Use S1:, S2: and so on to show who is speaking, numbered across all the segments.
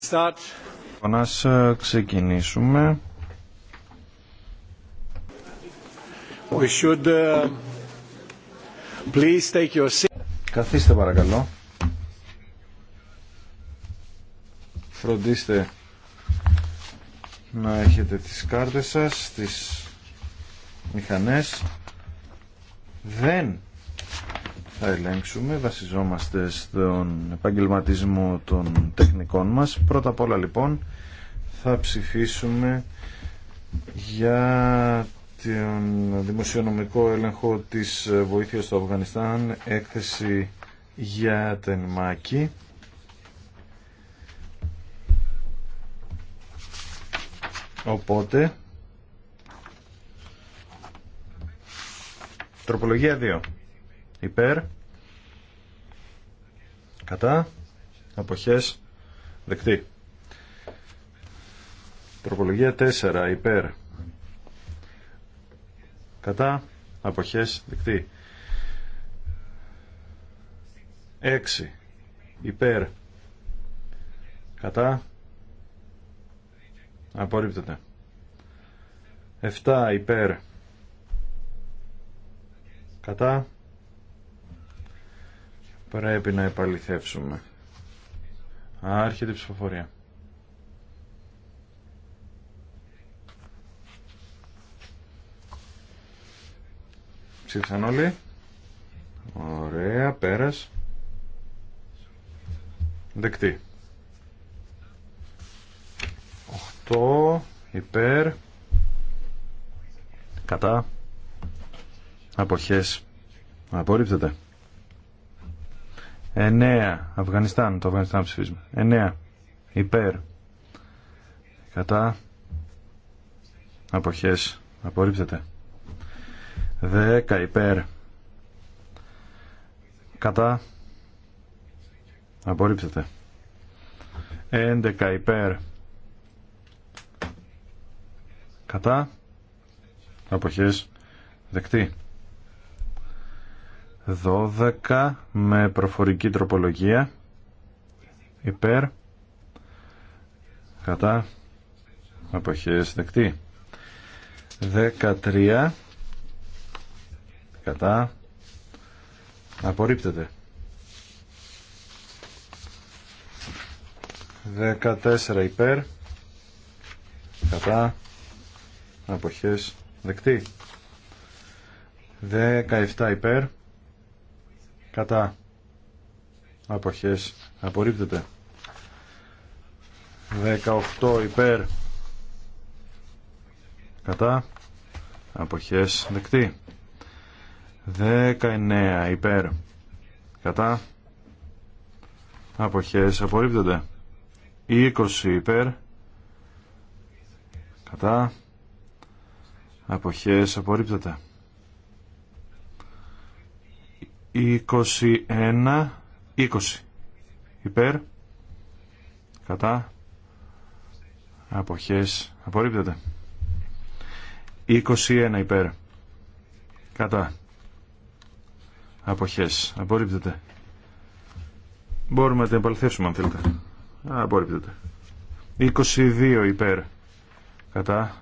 S1: Start. Να ξεκινήσουμε. We should, uh, take your seat. Καθίστε παρακαλώ. Φροντίστε να έχετε τις κάρτες σας, τις μηχανές. Δεν θα ελέγξουμε βασιζόμαστε στον επαγγελματισμό των τεχνικών μας. Πρώτα απ' όλα λοιπόν θα ψηφίσουμε για τον δημοσιονομικό έλεγχο της βοήθειας στο Αφγανιστάν, έκθεση για την ΜΑΚΙ. Οπότε, τροπολογία 2. Υπέρ. Κατά. Αποχές. Δεκτή. Τροπολογία 4. Υπέρ. Κατά. Αποχές. Δεκτή. 6. Υπέρ. Κατά. Απορρίπτεται. 7. Υπέρ. Κατά. Πρέπει να επαληθεύσουμε. Άρχεται η ψηφοφορία. Ψήφισαν όλοι. Ωραία, πέρας. Δεκτή. Οχτώ. υπέρ κατά αποχές απορρίπτεται 9. Αφγανιστάν. Το Αφγανιστάν ψηφίζουμε. 9. Υπέρ. Κατά. Αποχές. Απορρίπτεται. 10. Υπέρ. Κατά. Απορρίπτεται. 11. Υπέρ. Κατά. Αποχές. Δεκτή. 12 με προφορική τροπολογία υπέρ κατά αποχές δεκτή 13 κατά απορρίπτεται 14 υπέρ κατά αποχές δεκτή 17 υπέρ κατά αποχές απορρίπτεται 18 υπέρ κατά αποχές δεκτή 19 υπέρ κατά αποχές απορρίπτεται 20 υπέρ κατά αποχές απορρίπτεται 21, 20 υπέρ, κατά, αποχές, απορρίπτεται. 21 υπέρ, κατά, αποχές, απορρίπτεται. Μπορούμε να την επαληθεύσουμε αν θέλετε. Απορρίπτεται. 22 υπέρ, κατά,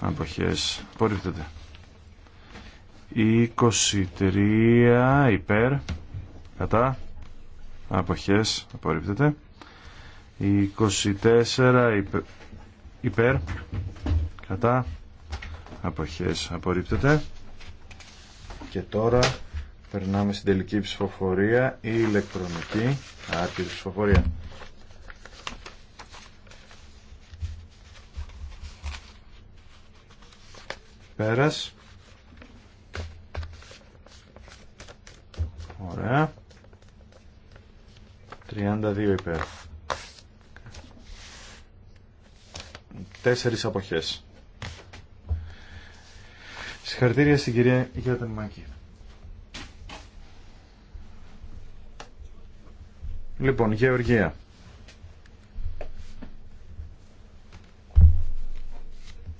S1: αποχές, απορρίπτεται. 23 υπέρ κατά αποχές απορρίπτεται 24 υπέρ, κατά αποχές απορρίπτεται και τώρα περνάμε στην τελική ψηφοφορία η ηλεκτρονική άρτη ψηφοφορία πέρας Ωραία. 32 υπέρ. Τέσσερις αποχές. Συγχαρητήρια στην κυρία Γιάννη Μάκη. Λοιπόν, Γεωργία.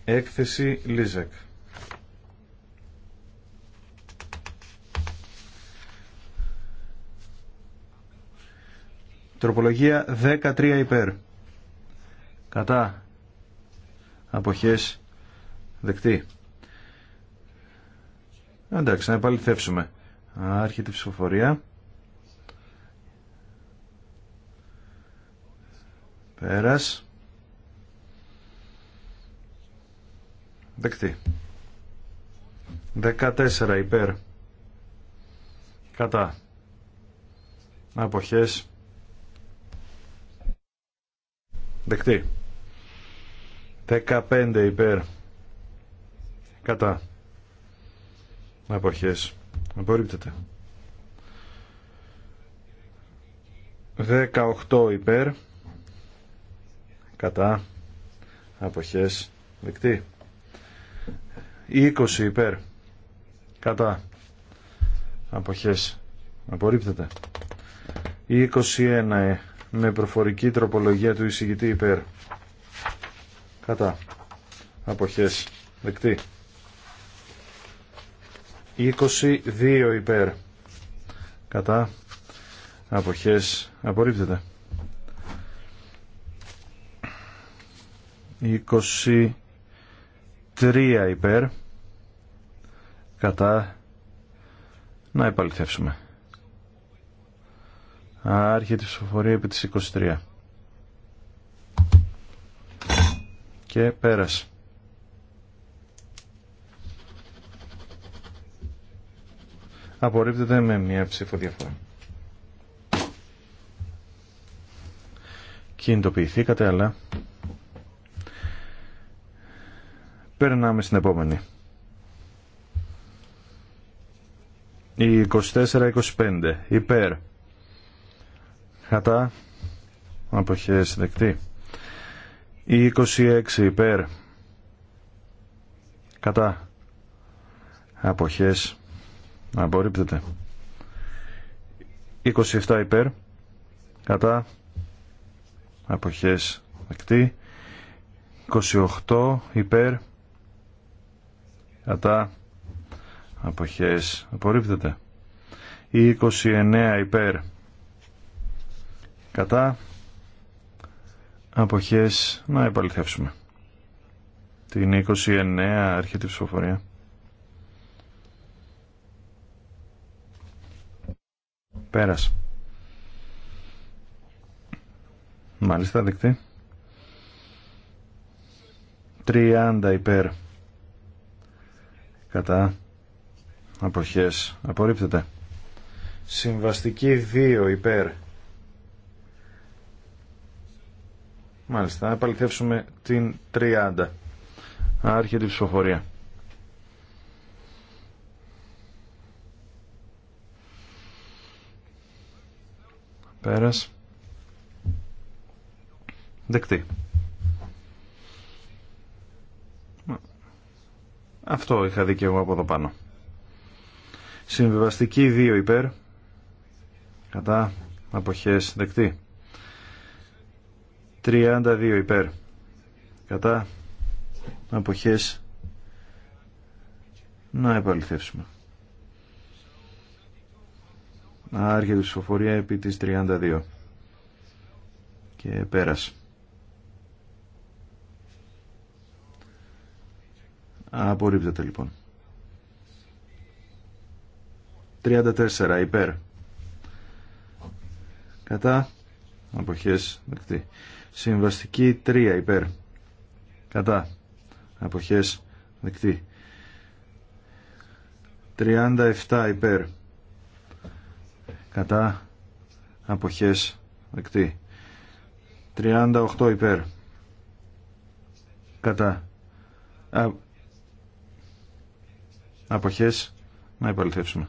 S1: Έκθεση Λίζεκ. Τροπολογία 13 υπέρ. Κατά. Αποχές δεκτή. Εντάξει, να επαληθεύσουμε. Άρχεται η ψηφοφορία. Πέρας. Δεκτή. 14 υπέρ. Κατά. Αποχές. Δεκτή. 15 υπέρ. Κατά. Αποχές. Απορρίπτεται. 18 υπέρ. Κατά. Αποχές. Δεκτή. 20 υπέρ. Κατά. Αποχές. Απορρίπτεται. 21 με προφορική τροπολογία του εισηγητή υπέρ. Κατά. Αποχές. Δεκτή. 22 υπέρ. Κατά. Αποχές. Απορρίπτεται. 23 υπέρ. Κατά. Να επαληθεύσουμε. Άρχεται η ψηφοφορία επί της 23. Και πέρασε. Απορρίπτεται με μια ψήφο διαφορά. Κινητοποιηθήκατε, αλλά περνάμε στην επόμενη. Η 24-25. Υπέρ κατά αποχές δεκτή η 26 υπέρ κατά αποχές απορρίπτεται 27 υπέρ κατά αποχές δεκτή 28 υπέρ κατά αποχές απορρίπτεται η 29 υπέρ κατά αποχές να επαληθεύσουμε. Την 29 έρχεται η ψηφοφορία. Πέρας. Μάλιστα δεκτή. 30 υπέρ. Κατά. Αποχές. Απορρίπτεται. Συμβαστική 2 υπέρ. Μάλιστα, να επαληθεύσουμε την 30. Άρχεται την ψηφοφορία. Πέρας. Δεκτή. Αυτό είχα δει και εγώ από εδώ πάνω. Συμβιβαστική 2 υπέρ. Κατά αποχές δεκτή. 32 υπέρ. Κατά αποχές να επαληθεύσουμε. Άρχεται η ψηφοφορία επί της 32. Και πέρασε. Απορρίπτεται λοιπόν. 34 υπέρ. Κατά. Αποχές δεκτή. Συμβαστική 3 υπέρ. Κατά. Αποχές δεκτή. 37 υπέρ. Κατά. Αποχές δεκτή. 38 υπέρ. Κατά. Α... Αποχές. Να υπαλληθεύσουμε.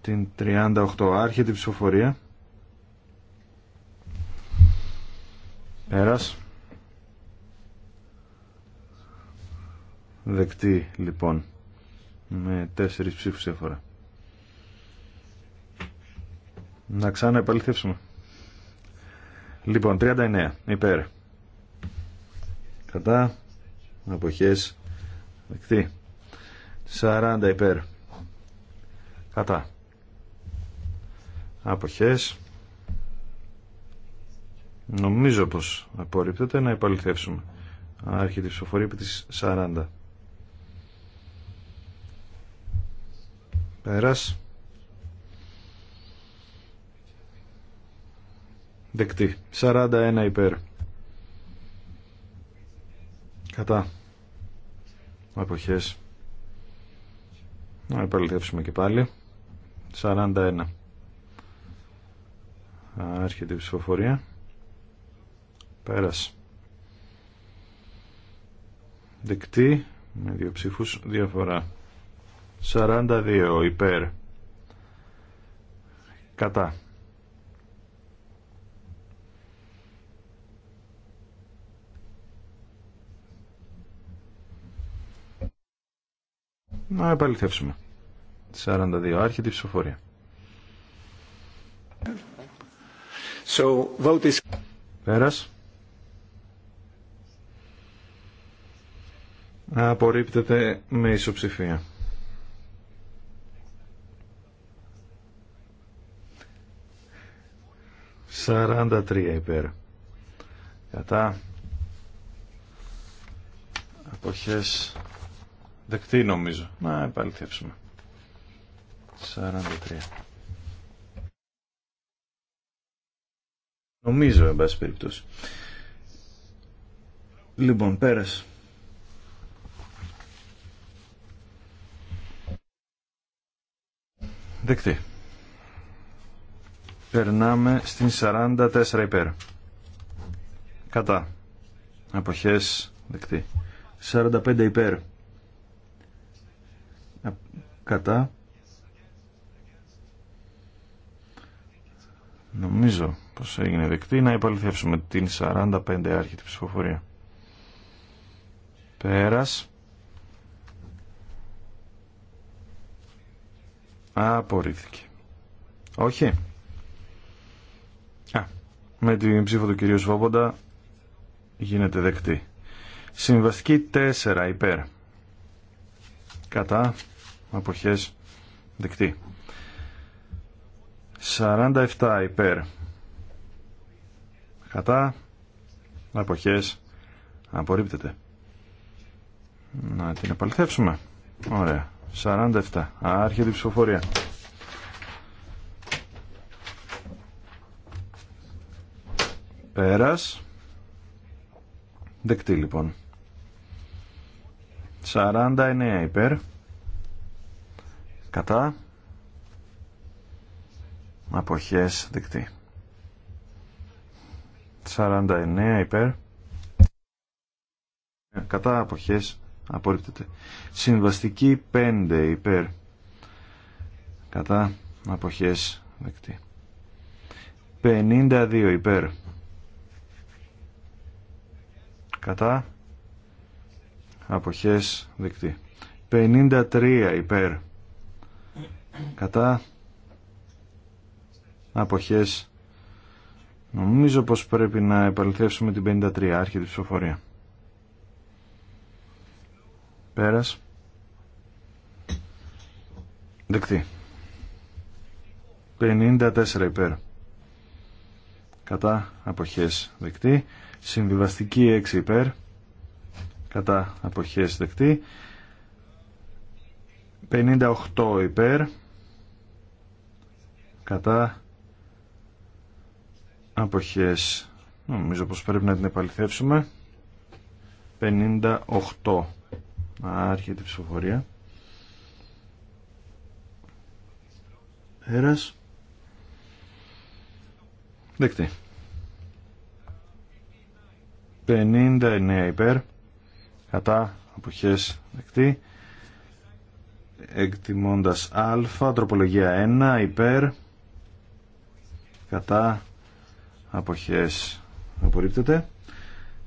S1: Την 38 άρχεται η ψηφοφορία. Πέρας. Δεκτή λοιπόν με τέσσερις ψήφους φορά Να ξανά επαληθεύσουμε. Λοιπόν, 39 υπέρ. Κατά αποχές δεκτή. 40 υπέρ. Κατά. Αποχές Νομίζω πως απορρίπτεται να επαληθεύσουμε. Άρχεται η ψηφοφορία επί της 40. Πέρας. Δεκτή. 41 υπέρ. Κατά. Αποχές. Να επαληθεύσουμε και πάλι. 41. Άρχεται η ψηφοφορία. Πέρας. Δεκτή με δύο ψήφους διαφορά. 42 υπέρ. Κατά. Να επαληθεύσουμε. 42. Άρχεται η ψηφοφορία. So, vote is... Πέρας. Απορρίπτεται με ισοψηφία. Σαράντα τρία υπέρ. Κατά. Αποχές. Δεκτή νομίζω. Να επαληθεύσουμε. 43. Νομίζω, εν πάση περιπτώσει. Λοιπόν, πέρασε. Δεκτή. Περνάμε στην 44 υπέρ. Κατά. Αποχές. Δεκτή. 45 υπέρ. Κατά. Νομίζω πως έγινε δεκτή. Να υπαλληθεύσουμε την 45 άρχη ψηφοφορία. Πέρας. Απορρίφθηκε. Όχι. Α, με την ψήφο του κυρίου Σβόμποντα γίνεται δεκτή. Συμβαστική 4 υπέρ. Κατά αποχές δεκτή. 47 υπέρ. Κατά αποχές απορρίπτεται. Να την επαληθεύσουμε. Ωραία. 47. Άρχεται η ψηφοφορία. Πέρας. Δεκτή λοιπόν. 49 υπέρ. Κατά. Αποχές δεκτή. 49 υπέρ. Κατά αποχές απορρίπτεται. Συμβαστική 5 υπέρ κατά αποχές δεκτή. 52 υπέρ κατά αποχές δεκτή. 53 υπέρ κατά αποχές νομίζω πως πρέπει να επαληθεύσουμε την 53 άρχη ψηφοφορία. Πέρας. Δεκτή. 54 υπέρ. Κατά αποχές δεκτή. Συμβιβαστική 6 υπέρ. Κατά αποχές δεκτή. 58 υπέρ. Κατά αποχές. Νομίζω πως πρέπει να την επαληθεύσουμε. 58 Άρχεται η ψηφοφορία. Έρας. Δεκτή. 59 υπέρ. Κατά. Αποχές. Δεκτή. Εκτιμώντας α. Τροπολογία 1 υπέρ. Κατά. Αποχές. Απορρίπτεται.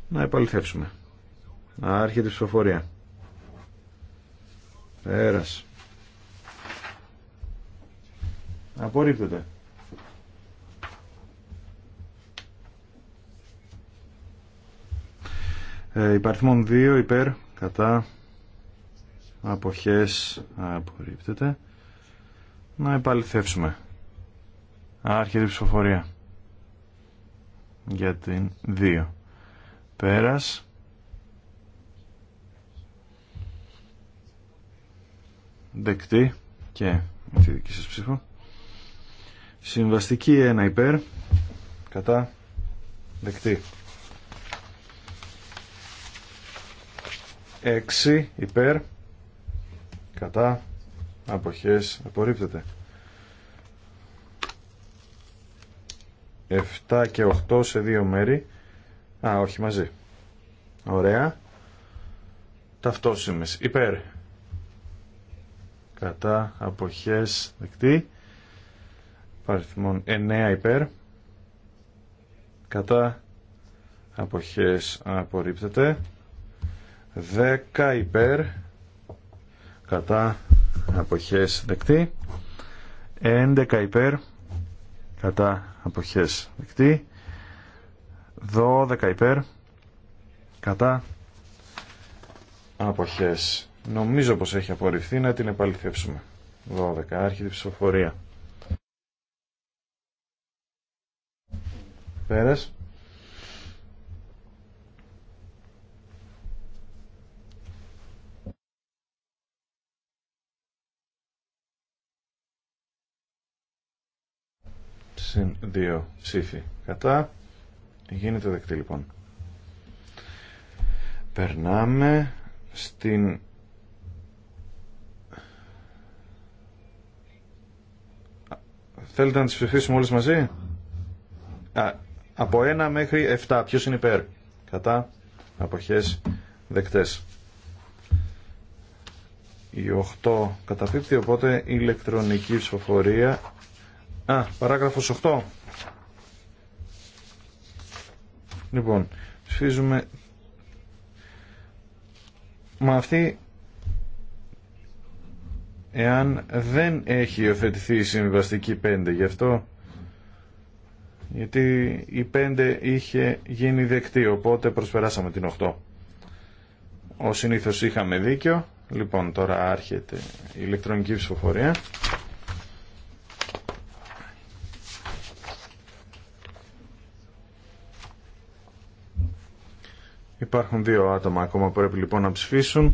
S1: Να επαληθεύσουμε. Άρχεται η ψηφοφορία. Πέρας. Απορρίπτεται. Ε, υπαριθμόν 2 υπέρ κατά αποχές απορρίπτεται. Να επαληθεύσουμε. Άρχεται ψηφοφορία για την 2. Πέρας. δεκτή και με τη δική σας ψήφο. Συμβαστική 1 υπέρ, κατά, δεκτή. 6 υπέρ, κατά, αποχές, απορρίπτεται. 7 και 8 σε δύο μέρη. Α, όχι μαζί. Ωραία. Ταυτόσημες. Υπέρ κατά αποχές δεκτή παριθμών 9 υπέρ κατά αποχές απορρίπτεται 10 υπέρ κατά αποχές δεκτή 11 υπέρ κατά αποχές δεκτή 12 υπέρ κατά αποχές Νομίζω πως έχει απορριφθεί να την επαληθεύσουμε. 12. Άρχιδη ψηφοφορία. Πέρας. Συν 2 ψήφι κατά. Γίνεται δεκτή λοιπόν. Περνάμε στην Θέλετε να τις ψηφίσουμε όλες μαζί. Α, από 1 μέχρι 7. Ποιος είναι υπέρ. Κατά. Αποχές. Δεκτές. Η 8 καταπίπτει, οπότε ηλεκτρονική ψηφοφορία. Α, παράγραφος 8. Λοιπόν, ψηφίζουμε... Μα αυτή εάν δεν έχει υιοθετηθεί η συμβιβαστική 5. Γι' αυτό, γιατί η 5 είχε γίνει δεκτή, οπότε προσπεράσαμε την 8. Ο συνήθως είχαμε δίκιο. Λοιπόν, τώρα άρχεται η ηλεκτρονική ψηφοφορία. Υπάρχουν δύο άτομα ακόμα που πρέπει λοιπόν να ψηφίσουν.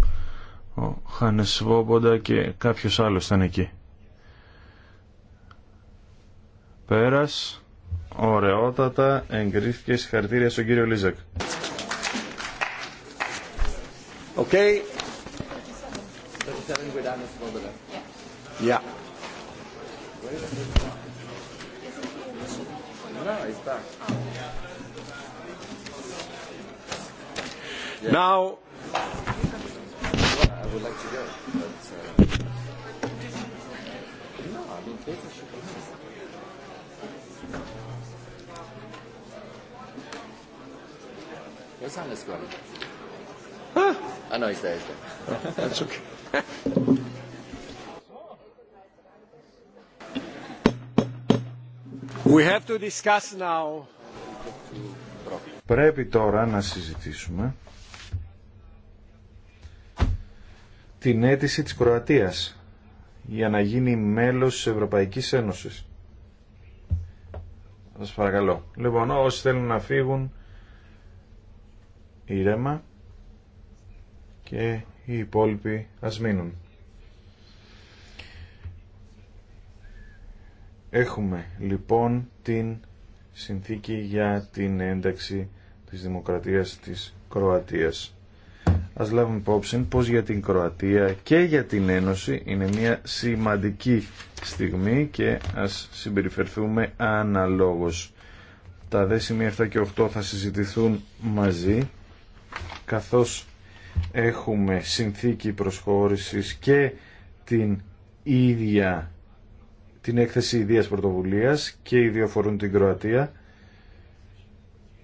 S1: Χάνε Βόμποντα και κάποιος άλλος ήταν εκεί. Πέρας, ωραιότατα, εγκρίθηκε συγχαρητήρια στον κύριο Λίζακ. Okay. Yeah. Now would like to go. But, uh, no, I mean,
S2: Peter should be. Where's Hannes gone? Huh? I know he's there, he's there. Oh, that's okay.
S1: We have to discuss now. Πρέπει τώρα να συζητήσουμε την αίτηση της Κροατίας για να γίνει μέλος της Ευρωπαϊκής Ένωσης. Σας παρακαλώ. Λοιπόν, όσοι θέλουν να φύγουν ήρεμα και οι υπόλοιποι ας μείνουν. Έχουμε λοιπόν την συνθήκη για την ένταξη της Δημοκρατίας της Κροατίας ας λάβουμε υπόψη πως για την Κροατία και για την Ένωση είναι μια σημαντική στιγμή και ας συμπεριφερθούμε αναλόγως. Τα δε σημεία 7 και 8 θα συζητηθούν μαζί καθώς έχουμε συνθήκη προσχώρησης και την ίδια την έκθεση ιδίας πρωτοβουλίας και οι δύο αφορούν την Κροατία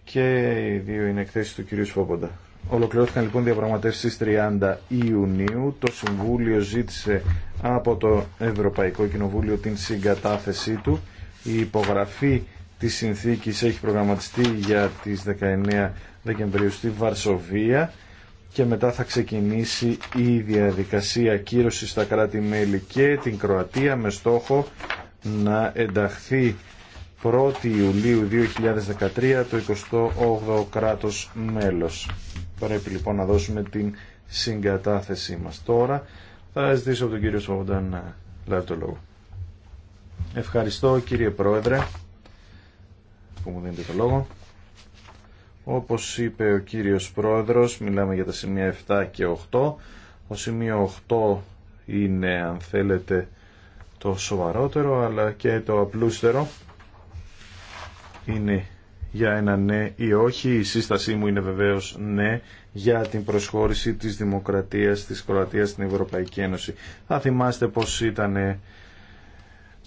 S1: και οι δύο είναι εκθέσεις του κυρίου Σφόποντα. Ολοκληρώθηκαν λοιπόν διαπραγματεύσεις 30 Ιουνίου. Το Συμβούλιο ζήτησε από το Ευρωπαϊκό Κοινοβούλιο την συγκατάθεσή του. Η υπογραφή της συνθήκης έχει προγραμματιστεί για τις 19 Δεκεμβρίου στη Βαρσοβία και μετά θα ξεκινήσει η διαδικασία κύρωσης στα κράτη-μέλη και την Κροατία με στόχο να ενταχθεί 1η Ιουλίου 2013 το 28ο κράτος μέλος. Πρέπει λοιπόν να δώσουμε την συγκατάθεσή μας. Τώρα θα ζητήσω από τον κύριο Σοβοντάν να λάβει το λόγο. Ευχαριστώ κύριε Πρόεδρε που μου δίνετε το λόγο. Όπως είπε ο κύριος Πρόεδρος, μιλάμε για τα σημεία 7 και 8. Ο σημείο 8 είναι, αν θέλετε, το σοβαρότερο, αλλά και το απλούστερο είναι για ένα ναι ή όχι. Η σύστασή μου είναι βεβαίως ναι για την προσχώρηση της δημοκρατίας της Κροατίας στην Ευρωπαϊκή Ένωση. Θα θυμάστε πως ήταν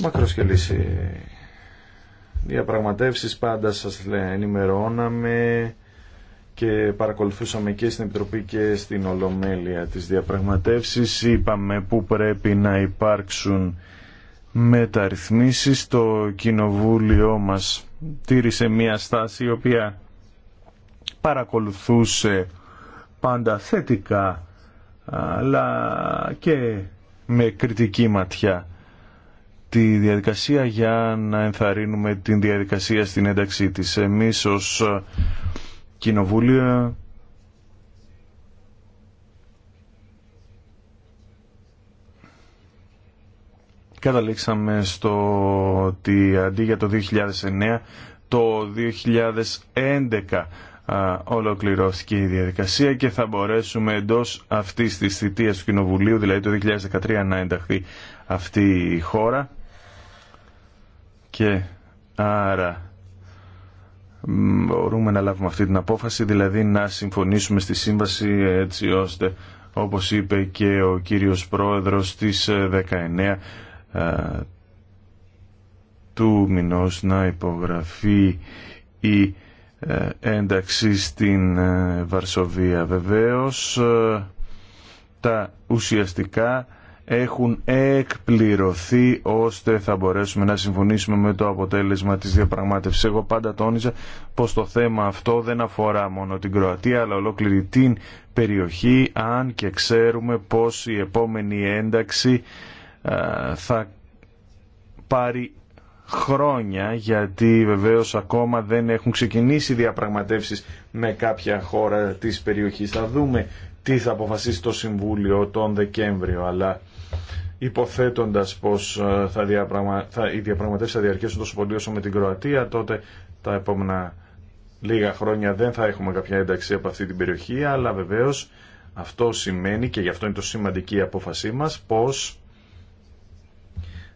S1: μακροσκελής Η διαπραγματεύσεις πάντα σας ενημερώναμε και παρακολουθούσαμε και στην Επιτροπή και στην Ολομέλεια τις διαπραγματεύσεις. Είπαμε που πρέπει να υπάρξουν μεταρρυθμίσεις. Το κοινοβούλιο μας τήρησε μια στάση η οποία παρακολουθούσε πάντα θετικά αλλά και με κριτική ματιά τη διαδικασία για να ενθαρρύνουμε την διαδικασία στην ένταξή της. Εμείς ως κοινοβουλία. καταλήξαμε στο ότι αντί για το 2009, το 2011 ολοκληρώθηκε η διαδικασία και θα μπορέσουμε εντός αυτή τη θητείας του Κοινοβουλίου, δηλαδή το 2013, να ενταχθεί αυτή η χώρα. Και άρα μπορούμε να λάβουμε αυτή την απόφαση, δηλαδή να συμφωνήσουμε στη σύμβαση έτσι ώστε, όπως είπε και ο κύριος Πρόεδρος της 19 του μηνός να υπογραφεί η ε, ένταξη στην ε, Βαρσοβία. Βεβαίως ε, τα ουσιαστικά έχουν εκπληρωθεί ώστε θα μπορέσουμε να συμφωνήσουμε με το αποτέλεσμα της διαπραγμάτευσης. Εγώ πάντα τόνιζα πως το θέμα αυτό δεν αφορά μόνο την Κροατία αλλά ολόκληρη την περιοχή αν και ξέρουμε πως η επόμενη ένταξη ε, θα πάρει χρόνια γιατί βεβαίως ακόμα δεν έχουν ξεκινήσει διαπραγματεύσεις με κάποια χώρα της περιοχής. Θα δούμε τι θα αποφασίσει το Συμβούλιο τον Δεκέμβριο αλλά υποθέτοντας πως ε, θα διαπραγμα... θα... οι διαπραγματεύσεις θα διαρκέσουν τόσο πολύ όσο με την Κροατία τότε τα επόμενα λίγα χρόνια δεν θα έχουμε κάποια ένταξη από αυτή την περιοχή αλλά βεβαίως αυτό σημαίνει και γι' αυτό είναι το σημαντική απόφασή μας πως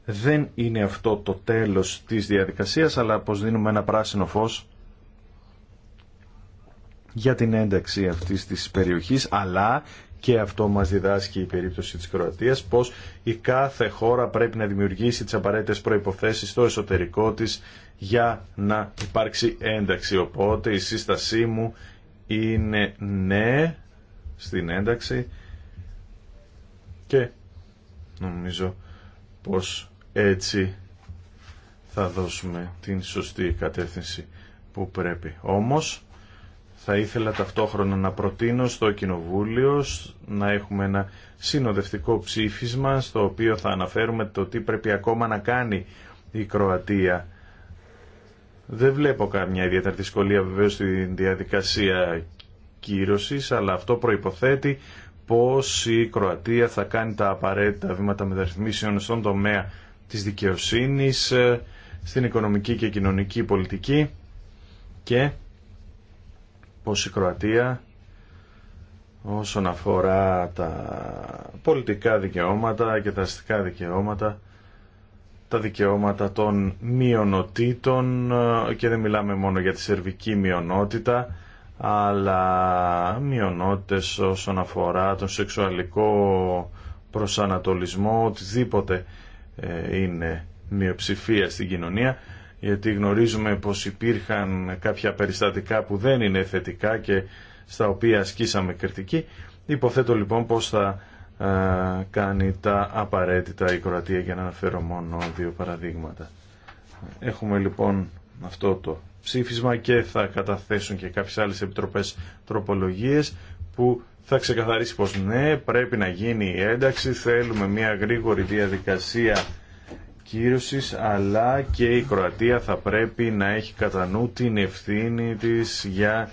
S1: δεν είναι αυτό το τέλος της διαδικασίας, αλλά πως δίνουμε ένα πράσινο φως για την ένταξη αυτής της περιοχής, αλλά και αυτό μας διδάσκει η περίπτωση της Κροατίας, πως η κάθε χώρα πρέπει να δημιουργήσει τις απαραίτητες προϋποθέσεις στο εσωτερικό της για να υπάρξει ένταξη. Οπότε η σύστασή μου είναι ναι στην ένταξη και νομίζω πως έτσι θα δώσουμε την σωστή κατεύθυνση που πρέπει. Όμως θα ήθελα ταυτόχρονα να προτείνω στο Κοινοβούλιο να έχουμε ένα συνοδευτικό ψήφισμα στο οποίο θα αναφέρουμε το τι πρέπει ακόμα να κάνει η Κροατία. Δεν βλέπω καμιά ιδιαίτερη δυσκολία βεβαίως στη διαδικασία κύρωσης, αλλά αυτό προϋποθέτει πως η Κροατία θα κάνει τα απαραίτητα βήματα μεταρρυθμίσεων στον τομέα της δικαιοσύνης, ε, στην οικονομική και κοινωνική πολιτική και πως η Κροατία όσον αφορά τα πολιτικά δικαιώματα και τα αστικά δικαιώματα τα δικαιώματα των μειονοτήτων ε, και δεν μιλάμε μόνο για τη σερβική μειονότητα αλλά μειονότητες όσον αφορά τον σεξουαλικό προσανατολισμό, οτιδήποτε ε, είναι μειοψηφία στην κοινωνία γιατί γνωρίζουμε πως υπήρχαν κάποια περιστατικά που δεν είναι θετικά και στα οποία ασκήσαμε κριτική. Υποθέτω λοιπόν πως θα ε, κάνει τα απαραίτητα η Κροατία για να αναφέρω μόνο δύο παραδείγματα. Έχουμε λοιπόν αυτό το ψήφισμα και θα καταθέσουν και κάποιες άλλες επιτροπές τροπολογίες που θα ξεκαθαρίσει πως ναι, πρέπει να γίνει η ένταξη, θέλουμε μια γρήγορη διαδικασία κύρωσης, αλλά και η Κροατία θα πρέπει να έχει κατά νου την ευθύνη της για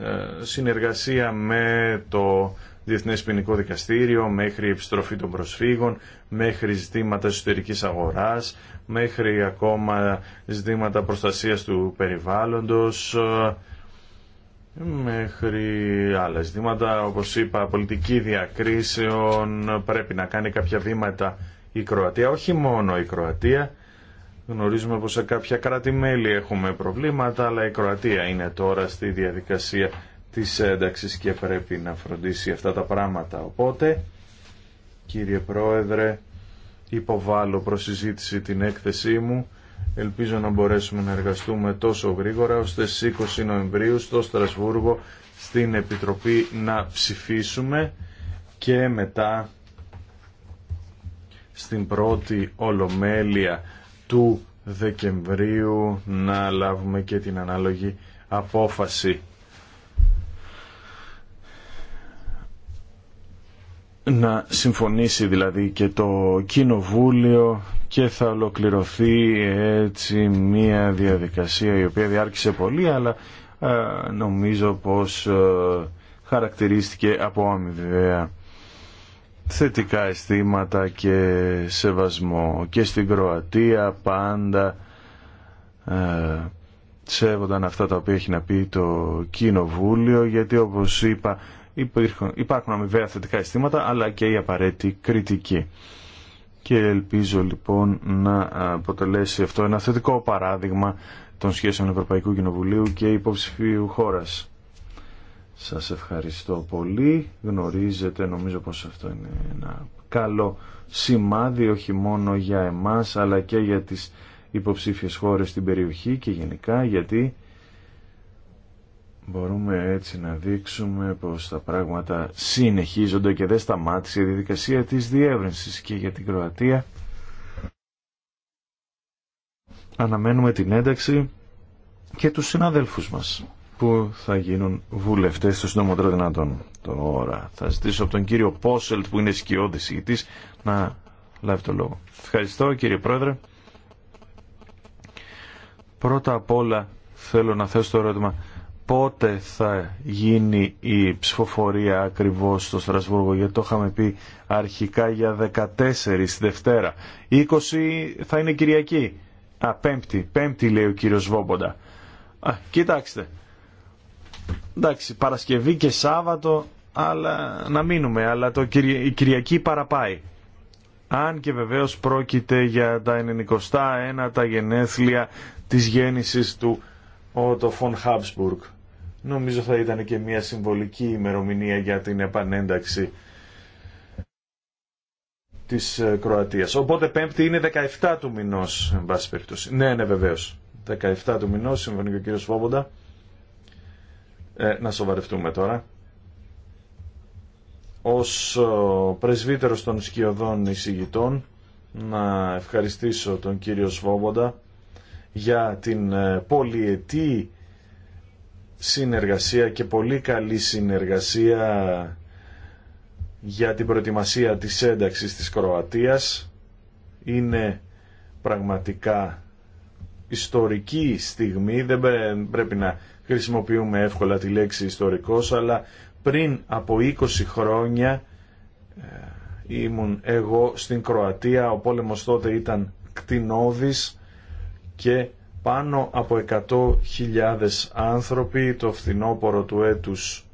S1: ε, συνεργασία με το Διεθνές Ποινικό Δικαστήριο, μέχρι επιστροφή των προσφύγων, μέχρι ζητήματα εσωτερικής αγοράς, μέχρι ακόμα ζητήματα προστασίας του περιβάλλοντος, ε, μέχρι άλλα ζητήματα. Όπως είπα, πολιτική διακρίσεων πρέπει να κάνει κάποια βήματα η Κροατία. Όχι μόνο η Κροατία. Γνωρίζουμε πως σε κάποια κράτη-μέλη έχουμε προβλήματα, αλλά η Κροατία είναι τώρα στη διαδικασία της ένταξης και πρέπει να φροντίσει αυτά τα πράγματα. Οπότε, κύριε Πρόεδρε, υποβάλλω προς συζήτηση την έκθεσή μου Ελπίζω να μπορέσουμε να εργαστούμε τόσο γρήγορα ώστε στις 20 Νοεμβρίου στο Στρασβούργο στην Επιτροπή να ψηφίσουμε και μετά στην πρώτη Ολομέλεια του Δεκεμβρίου να λάβουμε και την ανάλογη απόφαση. να συμφωνήσει δηλαδή και το Κοινοβούλιο και θα ολοκληρωθεί έτσι μια διαδικασία η οποία διάρκησε πολύ αλλά ε, νομίζω πως ε, χαρακτηρίστηκε από αμοιβαία θετικά αισθήματα και σεβασμό και στην Κροατία πάντα ε, σέβονταν αυτά τα οποία έχει να πει το Κοινοβούλιο γιατί όπως είπα υπάρχουν αμοιβαία θετικά αισθήματα αλλά και η απαραίτητη κριτική και ελπίζω λοιπόν να αποτελέσει αυτό ένα θετικό παράδειγμα των σχέσεων Ευρωπαϊκού Κοινοβουλίου και υποψηφίου χώρας. Σας ευχαριστώ πολύ. Γνωρίζετε νομίζω πως αυτό είναι ένα καλό σημάδι όχι μόνο για εμάς αλλά και για τις υποψήφιες χώρες στην περιοχή και γενικά γιατί Μπορούμε έτσι να δείξουμε πως τα πράγματα συνεχίζονται και δεν σταμάτησε η διαδικασία της διεύρυνσης και για την Κροατία. Αναμένουμε την ένταξη και τους συναδέλφους μας που θα γίνουν βουλευτές στο συντομότερο δυνατόν τώρα. Θα ζητήσω από τον κύριο Πόσελτ που είναι σκιώδης ηγητής να λάβει το λόγο. Ευχαριστώ κύριε Πρόεδρε. Πρώτα απ' όλα θέλω να θέσω το ερώτημα πότε θα γίνει η ψηφοφορία ακριβώς στο Στρασβούργο, γιατί το είχαμε πει αρχικά για 14 στη Δευτέρα. 20 θα είναι Κυριακή. Α, Πέμπτη. Πέμπτη λέει ο κύριος Βόμποντα. Α, κοιτάξτε. Εντάξει, Παρασκευή και Σάββατο, αλλά να μείνουμε, αλλά το, η Κυριακή παραπάει. Αν και βεβαίως πρόκειται για τα 91 τα γενέθλια της γέννησης του ο το Φον Νομίζω θα ήταν και μια συμβολική ημερομηνία για την επανένταξη της ε, Κροατίας. Οπότε πέμπτη είναι 17 του μηνός, εν πάση περιπτώσει. Ναι, ναι, βεβαίως. 17 του μηνός, συμβαίνει και ο κύριος Φόβοντα. Ε, να σοβαρευτούμε τώρα. Ως ε, πρεσβύτερος των σκιωδών εισηγητών, να ευχαριστήσω τον κύριο Σβόμποντα για την ε, πολυετή συνεργασία και πολύ καλή συνεργασία για την προετοιμασία της ένταξης της Κροατίας. Είναι πραγματικά ιστορική στιγμή, δεν πρέπει να χρησιμοποιούμε εύκολα τη λέξη ιστορικός, αλλά πριν από 20 χρόνια ε, ήμουν εγώ στην Κροατία, ο πόλεμος τότε ήταν κτηνόδης και πάνω από 100.000 άνθρωποι το φθινόπωρο του έτους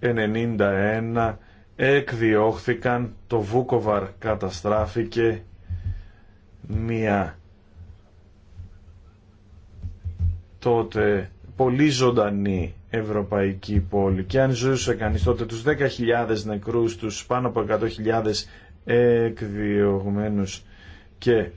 S1: 91 εκδιώχθηκαν, το Βούκοβαρ καταστράφηκε μία τότε πολύ ζωντανή ευρωπαϊκή πόλη και αν ζούσε κανείς τότε τους 10.000 νεκρούς, τους πάνω από 100.000 εκδιωγμένους και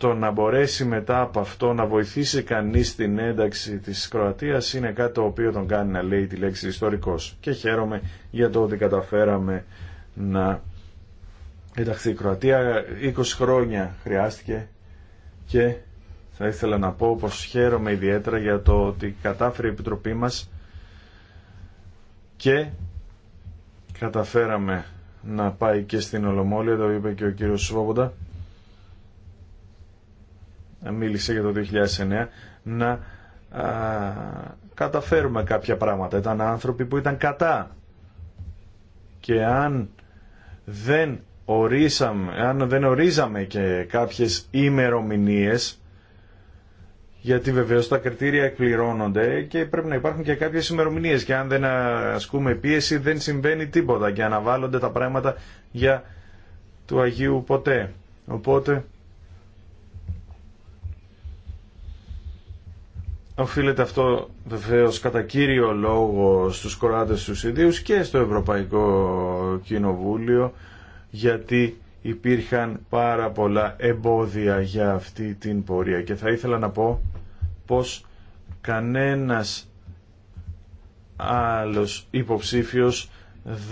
S1: το να μπορέσει μετά από αυτό να βοηθήσει κανείς την ένταξη της Κροατίας είναι κάτι το οποίο τον κάνει να λέει τη λέξη ιστορικός. Και χαίρομαι για το ότι καταφέραμε να ενταχθεί η Κροατία. 20 χρόνια χρειάστηκε και θα ήθελα να πω πως χαίρομαι ιδιαίτερα για το ότι κατάφερε η Επιτροπή μας και καταφέραμε να πάει και στην Ολομόλια, το είπε και ο κύριος Σβόμποντα, μίλησε για το 2009, να α, καταφέρουμε κάποια πράγματα. Ήταν άνθρωποι που ήταν κατά. Και αν δεν ορίσαμε, αν δεν ορίζαμε και κάποιες ημερομηνίες, γιατί βεβαίως τα κριτήρια εκπληρώνονται και πρέπει να υπάρχουν και κάποιες ημερομηνίε και αν δεν ασκούμε πίεση δεν συμβαίνει τίποτα και αναβάλλονται τα πράγματα για του Αγίου ποτέ. Οπότε Οφείλεται αυτό βεβαίως κατά κύριο λόγο στους κοράτες τους ιδίους και στο Ευρωπαϊκό Κοινοβούλιο γιατί υπήρχαν πάρα πολλά εμπόδια για αυτή την πορεία και θα ήθελα να πω πως κανένας άλλος υποψήφιος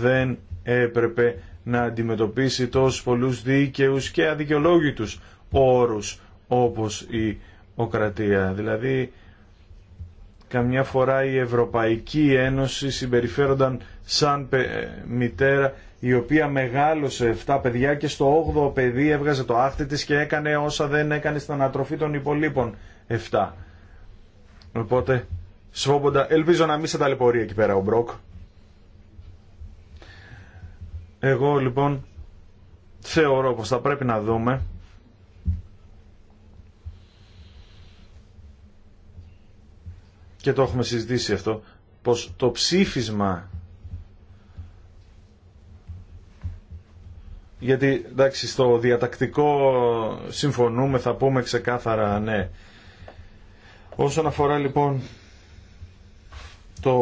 S1: δεν έπρεπε να αντιμετωπίσει τόσους πολλούς δίκαιους και αδικαιολόγητους όρους όπως η Οκρατία. Δηλαδή Καμιά φορά η Ευρωπαϊκή Ένωση συμπεριφέρονταν σαν μητέρα η οποία μεγάλωσε 7 παιδιά και στο 8ο παιδί έβγαζε το άχτη της και έκανε όσα δεν έκανε στην ανατροφή των υπολείπων 7. Οπότε, Σβόμποντα, ελπίζω να μην σε ταλαιπωρεί εκεί πέρα ο Μπροκ. Εγώ λοιπόν θεωρώ πως θα πρέπει να δούμε και το έχουμε συζητήσει αυτό, πως το ψήφισμα γιατί εντάξει στο διατακτικό συμφωνούμε θα πούμε ξεκάθαρα ναι όσον αφορά λοιπόν το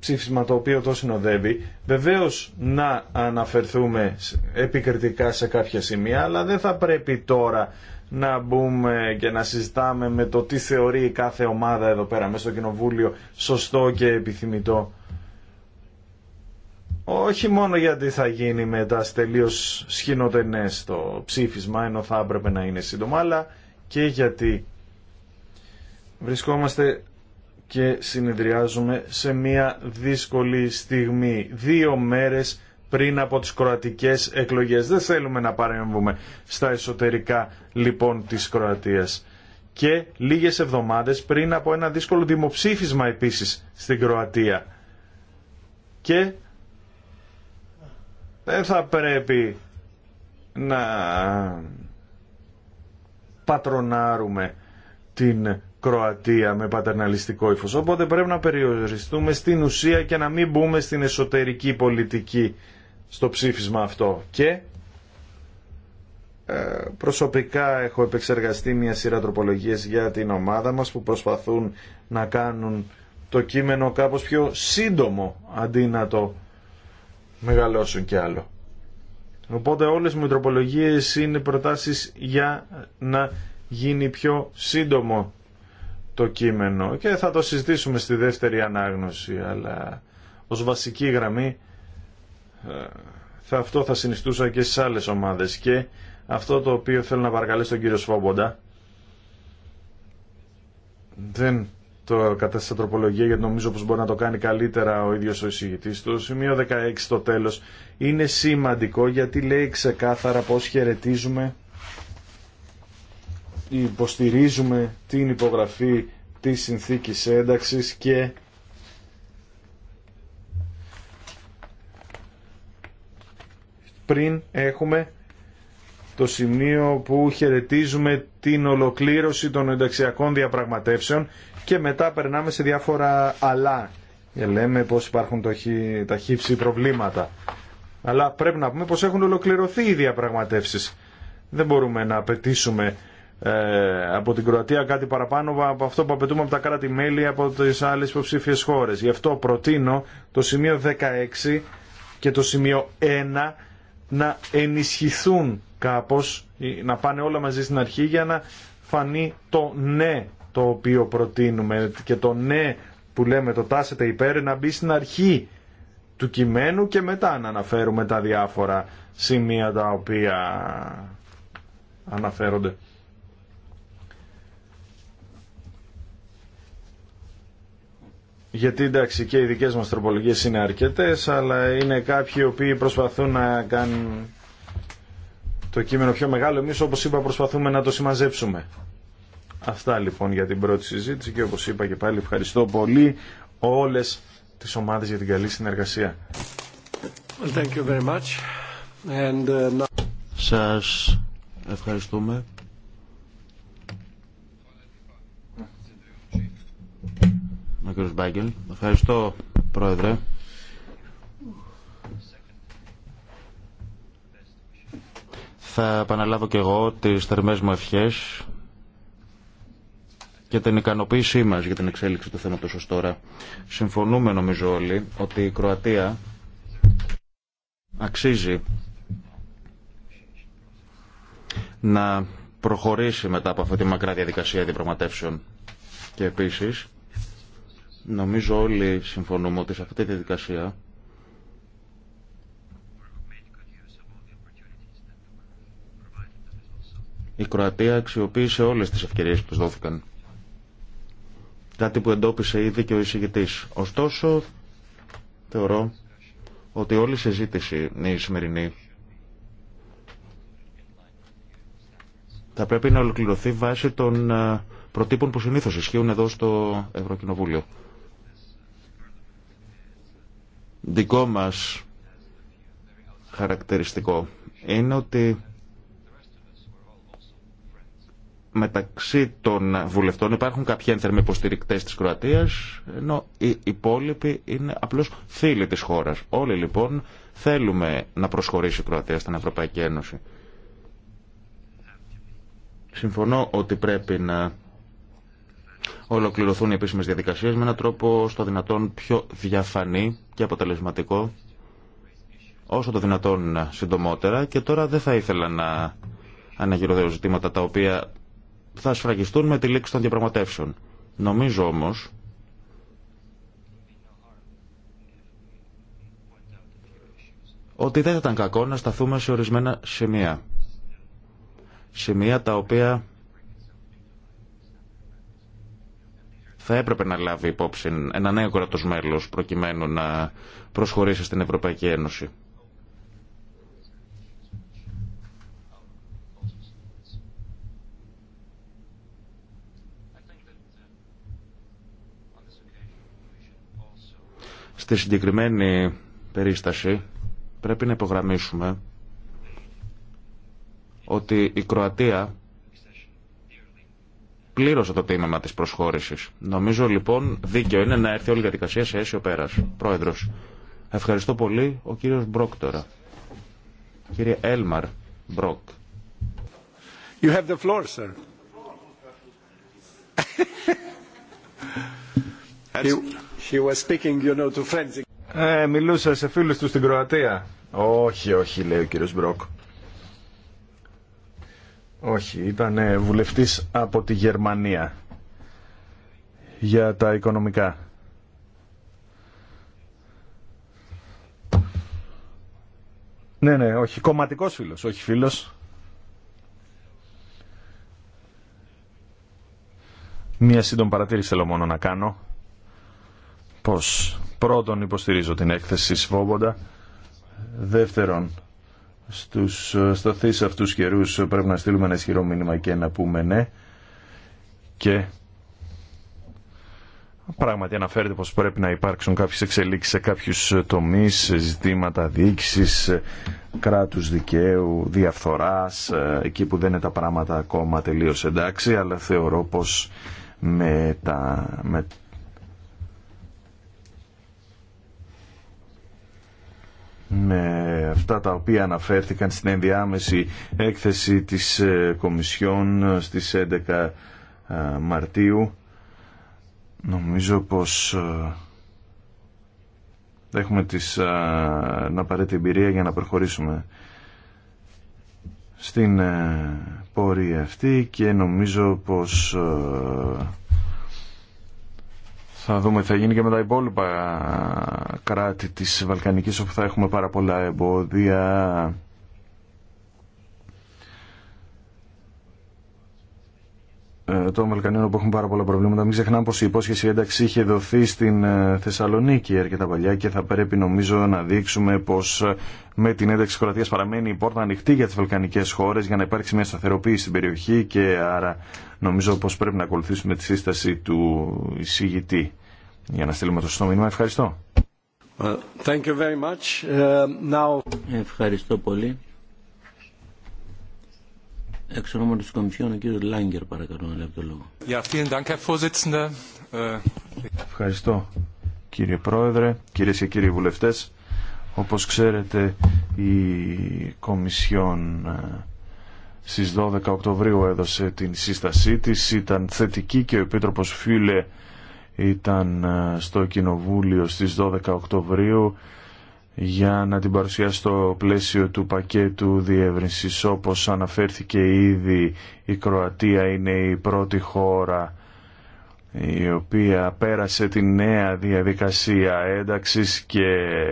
S1: ψήφισμα το οποίο το συνοδεύει βεβαίως να αναφερθούμε επικριτικά σε κάποια σημεία αλλά δεν θα πρέπει τώρα να μπούμε και να συζητάμε με το τι θεωρεί κάθε ομάδα εδώ πέρα μέσα στο Κοινοβούλιο σωστό και επιθυμητό. Όχι μόνο γιατί θα γίνει μετά τα σχηνοτενέ το ψήφισμα, ενώ θα έπρεπε να είναι σύντομα, αλλά και γιατί βρισκόμαστε και συνεδριάζουμε σε μια δύσκολη στιγμή. Δύο μέρες πριν από τις κροατικές εκλογές. Δεν θέλουμε να παρέμβουμε στα εσωτερικά λοιπόν της Κροατίας. Και λίγες εβδομάδες πριν από ένα δύσκολο δημοψήφισμα επίσης στην Κροατία. Και δεν θα πρέπει να πατρονάρουμε την Κροατία με πατερναλιστικό ύφος. Οπότε πρέπει να περιοριστούμε στην ουσία και να μην μπούμε στην εσωτερική πολιτική στο ψήφισμα αυτό και ε, προσωπικά έχω επεξεργαστεί μια σειρά τροπολογίες για την ομάδα μας που προσπαθούν να κάνουν το κείμενο κάπως πιο σύντομο αντί να το μεγαλώσουν κι άλλο. Οπότε όλες μου οι τροπολογίες είναι προτάσεις για να γίνει πιο σύντομο το κείμενο και θα το συζητήσουμε στη δεύτερη ανάγνωση αλλά ως βασική γραμμή ε, θα, αυτό θα συνιστούσα και στις άλλες ομάδες και αυτό το οποίο θέλω να παρακαλέσω τον κύριο Σφόμποντα δεν το κατέστησα τροπολογία γιατί νομίζω πως μπορεί να το κάνει καλύτερα ο ίδιος ο εισηγητής του. Σημείο 16 το τέλος είναι σημαντικό γιατί λέει ξεκάθαρα πως χαιρετίζουμε υποστηρίζουμε την υπογραφή της συνθήκης ένταξης και πριν έχουμε το σημείο που χαιρετίζουμε την ολοκλήρωση των ενταξιακών διαπραγματεύσεων και μετά περνάμε σε διάφορα αλλά και λέμε πως υπάρχουν τα χύψη προβλήματα. Αλλά πρέπει να πούμε πως έχουν ολοκληρωθεί οι διαπραγματεύσεις. Δεν μπορούμε να απαιτήσουμε ε, από την Κροατία κάτι παραπάνω από αυτό που απαιτούμε από τα κράτη-μέλη από τις άλλες υποψήφιες χώρες. Γι' αυτό προτείνω το σημείο 16 και το σημείο 1 να ενισχυθούν κάπως, να πάνε όλα μαζί στην αρχή για να φανεί το ναι το οποίο προτείνουμε και το ναι που λέμε το τάσετε υπέρ να μπει στην αρχή του κειμένου και μετά να αναφέρουμε τα διάφορα σημεία τα οποία αναφέρονται. γιατί εντάξει και οι δικές μας τροπολογίες είναι αρκετές, αλλά είναι κάποιοι οι οποίοι προσπαθούν να κάνουν το κείμενο πιο μεγάλο. Εμείς όπως είπα προσπαθούμε να το συμμαζέψουμε. Αυτά λοιπόν για την πρώτη συζήτηση και όπως είπα και πάλι ευχαριστώ πολύ όλες τις ομάδες για την καλή συνεργασία. Well, thank you very much. And, uh,
S2: Σας ευχαριστούμε. κ. Μπάγκελ. Ευχαριστώ, Πρόεδρε. Θα επαναλάβω και εγώ τις θερμές μου ευχές και την ικανοποίησή μας για την εξέλιξη του θέματος ως τώρα. Συμφωνούμε νομίζω όλοι ότι η Κροατία αξίζει να προχωρήσει μετά από αυτή τη μακρά διαδικασία διαπραγματεύσεων. Και επίσης Νομίζω όλοι συμφωνούμε ότι σε αυτή τη διαδικασία η Κροατία αξιοποίησε όλες τις ευκαιρίες που δόθηκαν. Κάτι που εντόπισε ήδη και ο εισηγητής. Ωστόσο, θεωρώ ότι όλη η συζήτηση η σημερινή θα πρέπει να ολοκληρωθεί βάσει των ε, προτύπων που συνήθως ισχύουν εδώ στο Ευρωκοινοβούλιο δικό μας χαρακτηριστικό είναι ότι μεταξύ των βουλευτών υπάρχουν κάποιοι ένθερμοι υποστηρικτέ της Κροατίας ενώ οι υπόλοιποι είναι απλώς φίλοι τη χώρα. Όλοι λοιπόν θέλουμε να προσχωρήσει η Κροατία στην Ευρωπαϊκή Ένωση. Συμφωνώ ότι πρέπει να ολοκληρωθούν οι επίσημες διαδικασίες με έναν τρόπο στο δυνατόν πιο διαφανή και αποτελεσματικό όσο το δυνατόν συντομότερα και τώρα δεν θα ήθελα να αναγυροδέω ζητήματα τα οποία θα σφραγιστούν με τη λήξη των διαπραγματεύσεων. Νομίζω όμως ότι δεν θα ήταν κακό να σταθούμε σε ορισμένα σημεία. Σημεία τα οποία θα έπρεπε να λάβει υπόψη ένα νέο κράτο μέλο προκειμένου να προσχωρήσει στην Ευρωπαϊκή Ένωση. Στη συγκεκριμένη περίσταση πρέπει να υπογραμμίσουμε ότι η Κροατία πλήρωσε το τίμημα της προσχώρησης. Νομίζω λοιπόν δίκαιο είναι να έρθει όλη η διαδικασία σε αίσιο πέρα. Πρόεδρος, ευχαριστώ πολύ ο κύριος Μπρόκ τώρα. Κύριε Έλμαρ Μπρόκ. You have the floor, sir.
S1: He was speaking, you know, to friends. Ε, μιλούσα σε φίλους του στην Κροατία. Όχι, όχι, λέει ο κύριος Μπρόκ. Όχι, ήταν ε, βουλευτής από τη Γερμανία για τα οικονομικά. Ναι, ναι, όχι, κομματικός φίλος, όχι φίλος. Μία σύντομη παρατήρηση θέλω μόνο να κάνω. Πως πρώτον υποστηρίζω την έκθεση Σβόμποντα, δεύτερον στους σταθείς αυτούς καιρούς πρέπει να στείλουμε ένα ισχυρό μήνυμα και να πούμε ναι και πράγματι αναφέρεται πως πρέπει να υπάρξουν κάποιες εξελίξεις σε κάποιους τομείς, ζητήματα διοίκησης, κράτους δικαίου, διαφθοράς, ε, εκεί που δεν είναι τα πράγματα ακόμα τελείως εντάξει, αλλά θεωρώ πως με, τα, με με αυτά τα οποία αναφέρθηκαν στην ενδιάμεση έκθεση της ε, Κομισιόν ε, στις 11 ε, Μαρτίου. Νομίζω πως έχουμε τις, να απαραίτητη εμπειρία για να προχωρήσουμε στην πορεία αυτή και νομίζω πως θα δούμε τι θα γίνει και με τα υπόλοιπα κράτη της Βαλκανικής όπου θα έχουμε πάρα πολλά εμπόδια Ε, των Βαλκανίων που έχουν πάρα πολλά προβλήματα. Μην ξεχνάμε πω η υπόσχεση ένταξη είχε δοθεί στην ε, Θεσσαλονίκη αρκετά παλιά και θα πρέπει νομίζω να δείξουμε πω ε, με την ένταξη της παραμένει η πόρτα ανοιχτή για τι βαλκανικέ χώρε για να υπάρξει μια σταθεροποίηση στην περιοχή και άρα νομίζω πω πρέπει να ακολουθήσουμε τη σύσταση του εισηγητή για να στείλουμε το σωστό μήνυμα. Ευχαριστώ. Thank you very much.
S2: Now... Ευχαριστώ πολύ. Εξ ονόματος Κομισιόν, ο κύριος Λάγκερ, παρακαλώ, να λέει το λόγο. Äh,
S1: Ευχαριστώ, κύριε Πρόεδρε, κύριε και κύριοι βουλευτές. Όπως ξέρετε, η Κομισιόν ε, στις 12 Οκτωβρίου έδωσε την σύστασή της. Ήταν θετική και ο Επίτροπος Φίλε ήταν ε, στο Κοινοβούλιο στις 12 Οκτωβρίου για να την παρουσιάσει στο πλαίσιο του πακέτου διεύρυνσης. Όπως αναφέρθηκε ήδη η Κροατία είναι η πρώτη χώρα η οποία πέρασε τη νέα διαδικασία ένταξης και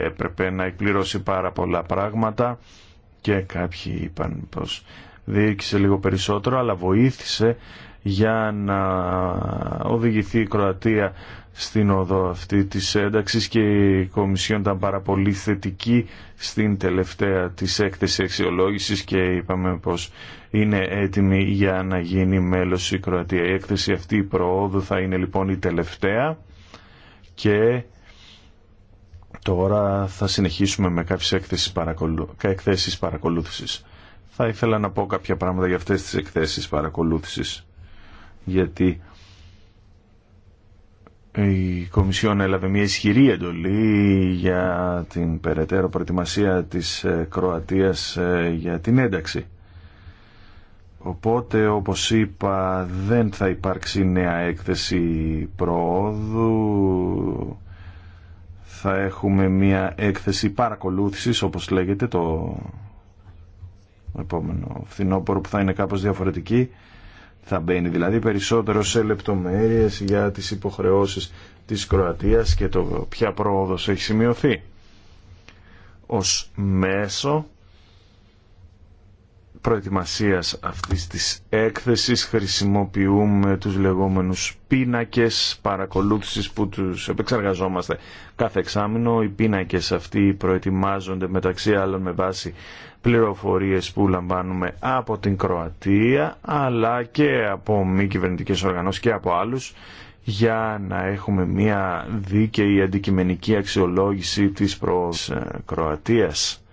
S1: έπρεπε να εκπληρώσει πάρα πολλά πράγματα και κάποιοι είπαν πως διοίκησε λίγο περισσότερο αλλά βοήθησε για να οδηγηθεί η Κροατία στην οδό αυτή της ένταξης και η Κομισιόν ήταν πάρα πολύ θετική στην τελευταία της έκθεση αξιολόγηση και είπαμε πως είναι έτοιμη για να γίνει μέλος η Κροατία. Η έκθεση αυτή η προόδου θα είναι λοιπόν η τελευταία και τώρα θα συνεχίσουμε με κάποιες εκθέσεις, παρακολου... εκθέσεις παρακολούθησης. Θα ήθελα να πω κάποια πράγματα για αυτές τις εκθέσεις παρακολούθησης γιατί η Κομισιόν έλαβε μια ισχυρή εντολή για την περαιτέρω προετοιμασία της ε, Κροατίας ε, για την ένταξη. Οπότε, όπως είπα, δεν θα υπάρξει νέα έκθεση προόδου. Θα έχουμε μια έκθεση παρακολούθησης, όπως λέγεται, το επόμενο φθινόπωρο που θα είναι κάπως διαφορετική θα μπαίνει δηλαδή περισσότερο σε λεπτομέρειες για τις υποχρεώσεις της Κροατίας και το ποια πρόοδος έχει σημειωθεί. Ως μέσο προετοιμασίας αυτής της έκθεσης χρησιμοποιούμε τους λεγόμενους πίνακες παρακολούθησης που τους επεξεργαζόμαστε κάθε εξάμεινο. Οι πίνακες αυτοί προετοιμάζονται μεταξύ άλλων με βάση πληροφορίες που λαμβάνουμε από την Κροατία αλλά και από μη κυβερνητικές οργανώσεις και από άλλους για να έχουμε μια δίκαιη αντικειμενική αξιολόγηση της προς ε, Κροατίας.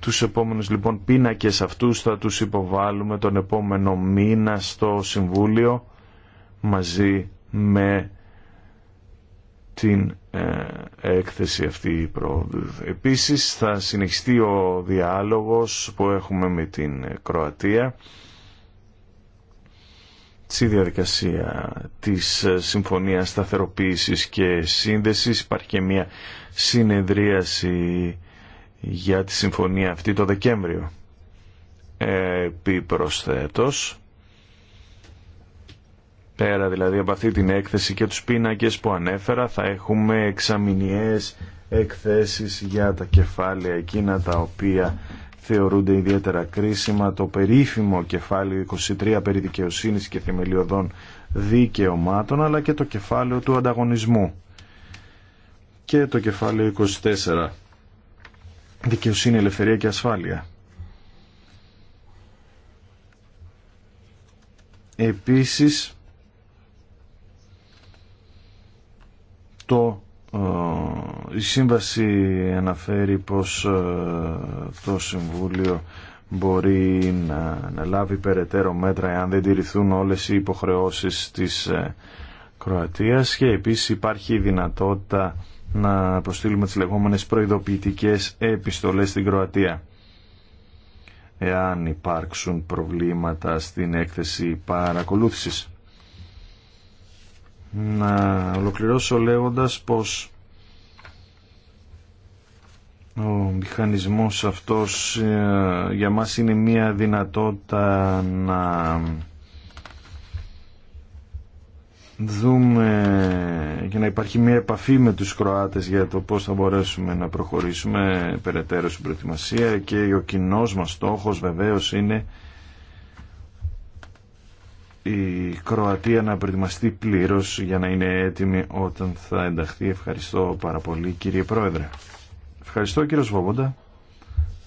S1: Τους επόμενους λοιπόν πίνακες αυτούς θα τους υποβάλουμε τον επόμενο μήνα στο Συμβούλιο μαζί με την ε, έκθεση αυτή η Επίσης θα συνεχιστεί ο διάλογος που έχουμε με την Κροατία στη διαδικασία της Συμφωνίας Σταθεροποίησης και Σύνδεσης. Υπάρχει και μια συνεδρίαση για τη συμφωνία αυτή το Δεκέμβριο. Ε, επιπροσθέτως, πέρα δηλαδή από αυτή την έκθεση και τους πίνακες που ανέφερα θα έχουμε εξαμηνιές εκθέσεις για τα κεφάλαια εκείνα τα οποία θεωρούνται ιδιαίτερα κρίσιμα το περίφημο κεφάλαιο 23 περί δικαιοσύνης και θεμελιωδών δικαιωμάτων αλλά και το κεφάλαιο του ανταγωνισμού και το κεφάλαιο 24 δικαιοσύνη, ελευθερία και ασφάλεια επίσης Ε, η σύμβαση αναφέρει πως ε, το Συμβούλιο μπορεί να, να λάβει περαιτέρω μέτρα εάν δεν τηρηθούν όλες οι υποχρεώσεις της ε, Κροατίας και επίσης υπάρχει η δυνατότητα να αποστείλουμε τις λεγόμενες προειδοποιητικές επιστολές στην Κροατία εάν υπάρξουν προβλήματα στην έκθεση παρακολούθησης να ολοκληρώσω λέγοντας πως ο μηχανισμός αυτός ε, για μας είναι μια δυνατότητα να δούμε και να υπάρχει μια επαφή με τους Κροάτες για το πώς θα μπορέσουμε να προχωρήσουμε περαιτέρω στην προετοιμασία και ο κοινό μας στόχος βεβαίως είναι η Κροατία να προετοιμαστεί πλήρως για να είναι έτοιμη όταν θα ενταχθεί. Ευχαριστώ πάρα πολύ κύριε Πρόεδρε. Ευχαριστώ κύριο Σβόμποντα.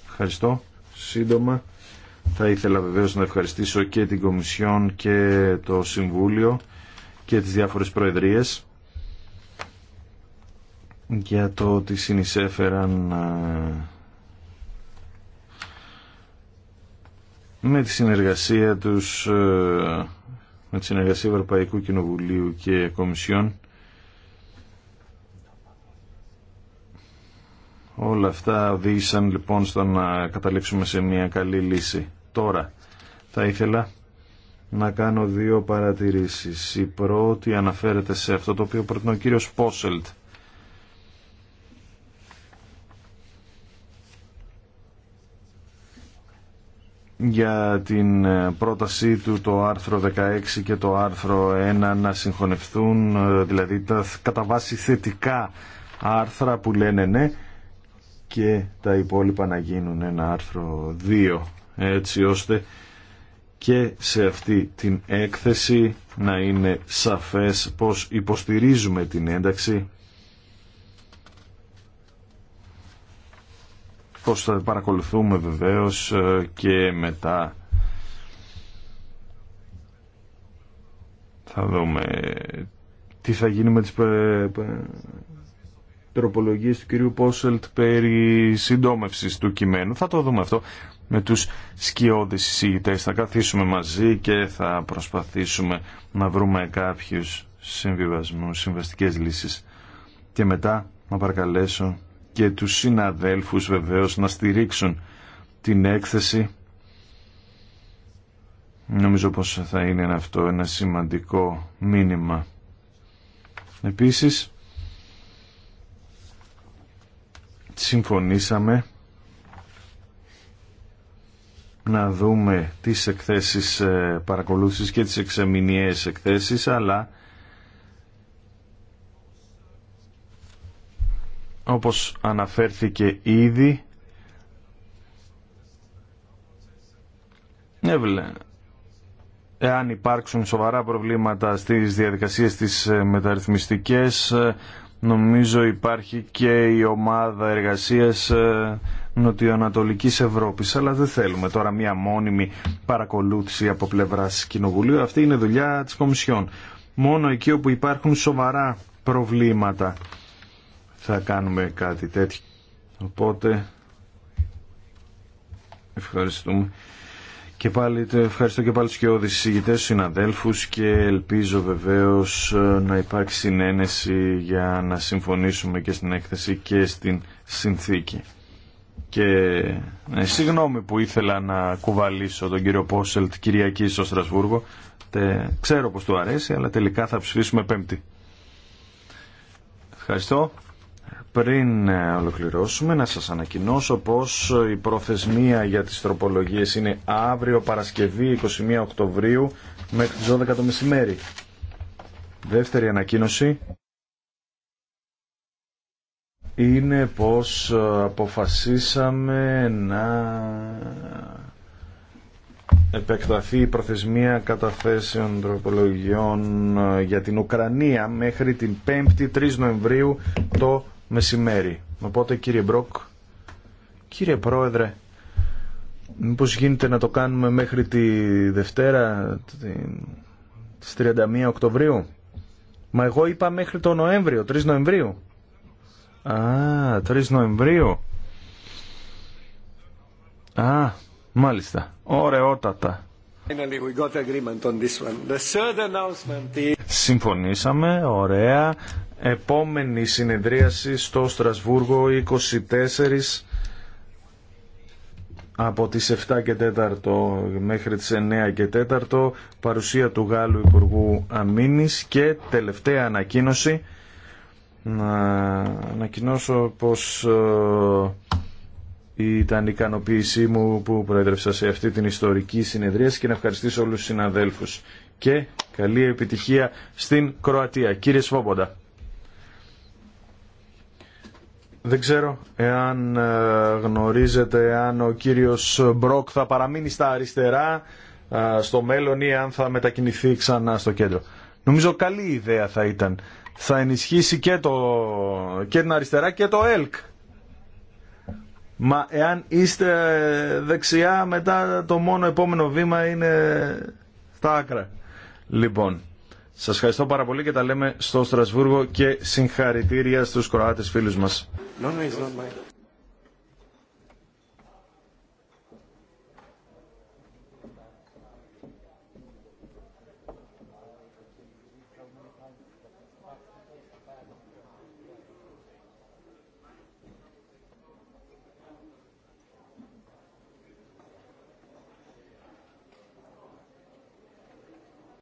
S1: Ευχαριστώ. Σύντομα θα ήθελα βεβαίως να ευχαριστήσω και την Κομισιόν και το Συμβούλιο και τις διάφορες προεδρίες για το ότι συνεισέφεραν ε, με τη συνεργασία τους ε, με τη συνεργασία Ευρωπαϊκού Κοινοβουλίου και Κομισιόν όλα αυτά οδήγησαν λοιπόν στο να καταλήξουμε σε μια καλή λύση τώρα θα ήθελα να κάνω δύο παρατηρήσεις η πρώτη αναφέρεται σε αυτό το οποίο προτείνει ο κύριος Πόσελτ για την ε, πρότασή του το άρθρο 16 και το άρθρο 1 να συγχωνευτούν, ε, δηλαδή τα κατά βάση θετικά άρθρα που λένε ναι και τα υπόλοιπα να γίνουν ένα άρθρο 2 έτσι ώστε και σε αυτή την έκθεση να είναι σαφές πως υποστηρίζουμε την ένταξη πως θα παρακολουθούμε βεβαίως ε, και μετά θα δούμε τι θα γίνει με τις τροπολογίες του κυρίου Πόσελτ περί συντόμευσης του κειμένου. Θα το δούμε αυτό με τους σκιώδεις εισηγητές. Θα καθίσουμε μαζί και θα προσπαθήσουμε να βρούμε κάποιους συμβιβασμούς, συμβαστικές λύσεις. Και μετά να παρακαλέσω και τους συναδέλφους βεβαίως να στηρίξουν την έκθεση. Νομίζω πως θα είναι αυτό ένα σημαντικό μήνυμα. Επίσης, συμφωνήσαμε να δούμε τις εκθέσεις ε, παρακολούθησης και τις εξεμηνιαίες εκθέσεις, αλλά Όπως αναφέρθηκε ήδη, έβλε, εάν υπάρξουν σοβαρά προβλήματα στις διαδικασίες της ε, μεταρρυθμιστικές, ε, νομίζω υπάρχει και η ομάδα εργασίας ε, Νοτιοανατολικής Ευρώπης, αλλά δεν θέλουμε τώρα μια μόνιμη παρακολούθηση από πλευράς Κοινοβουλίου. Αυτή είναι δουλειά της Κομισιόν. Μόνο εκεί όπου υπάρχουν σοβαρά προβλήματα θα κάνουμε κάτι τέτοιο. Οπότε ευχαριστούμε. Και πάλι ευχαριστώ και πάλι τους και του συναδέλφους και ελπίζω βεβαίως ε, να υπάρξει συνένεση για να συμφωνήσουμε και στην έκθεση και στην συνθήκη. Και ε, συγγνώμη που ήθελα να κουβαλήσω τον κύριο Πόσελτ Κυριακή στο Στρασβούργο. Τε, ξέρω πως του αρέσει, αλλά τελικά θα ψηφίσουμε πέμπτη. Ευχαριστώ. Πριν ε, ολοκληρώσουμε, να σας ανακοινώσω πως η προθεσμία για τις τροπολογίες είναι αύριο Παρασκευή 21 Οκτωβρίου μέχρι τις 12 το μεσημέρι. Δεύτερη ανακοίνωση είναι πως ε, αποφασίσαμε να επεκταθεί η προθεσμία καταθέσεων τροπολογιών ε, για την Ουκρανία μέχρι την 5η 3 Νοεμβρίου το μεσημέρι. Οπότε κύριε Μπροκ, κύριε Πρόεδρε, μήπως γίνεται να το κάνουμε μέχρι τη Δευτέρα, τις 31 Οκτωβρίου. Μα εγώ είπα μέχρι το Νοέμβριο, 3 Νοεμβρίου. Α, 3 Νοεμβρίου. Α, μάλιστα. Ωραιότατα. Finally, we got agreement on this one. The third announcement is... Συμφωνήσαμε, ωραία. Επόμενη συνεδρίαση στο Στρασβούργο 24 από τις 7 και 4 μέχρι τις 9 και 4 παρουσία του Γάλλου Υπουργού Αμήνης και τελευταία ανακοίνωση να ανακοινώσω πως ε, ήταν η ικανοποίησή μου που προέδρευσα σε αυτή την ιστορική συνεδρίαση και να ευχαριστήσω όλους τους συναδέλφους και καλή επιτυχία στην Κροατία. Κύριε Σφόμποντα. Δεν ξέρω εάν ε, γνωρίζετε αν ο κύριος Μπρόκ θα παραμείνει στα αριστερά ε, στο μέλλον ή αν θα μετακινηθεί ξανά στο κέντρο. Νομίζω καλή ιδέα θα ήταν. Θα ενισχύσει και, το, και την αριστερά και το ΕΛΚ. Μα εάν είστε δεξιά μετά το μόνο επόμενο βήμα είναι στα άκρα. Λοιπόν, σας ευχαριστώ πάρα πολύ και τα λέμε στο Στρασβούργο και συγχαρητήρια στους Κροάτες φίλους μας.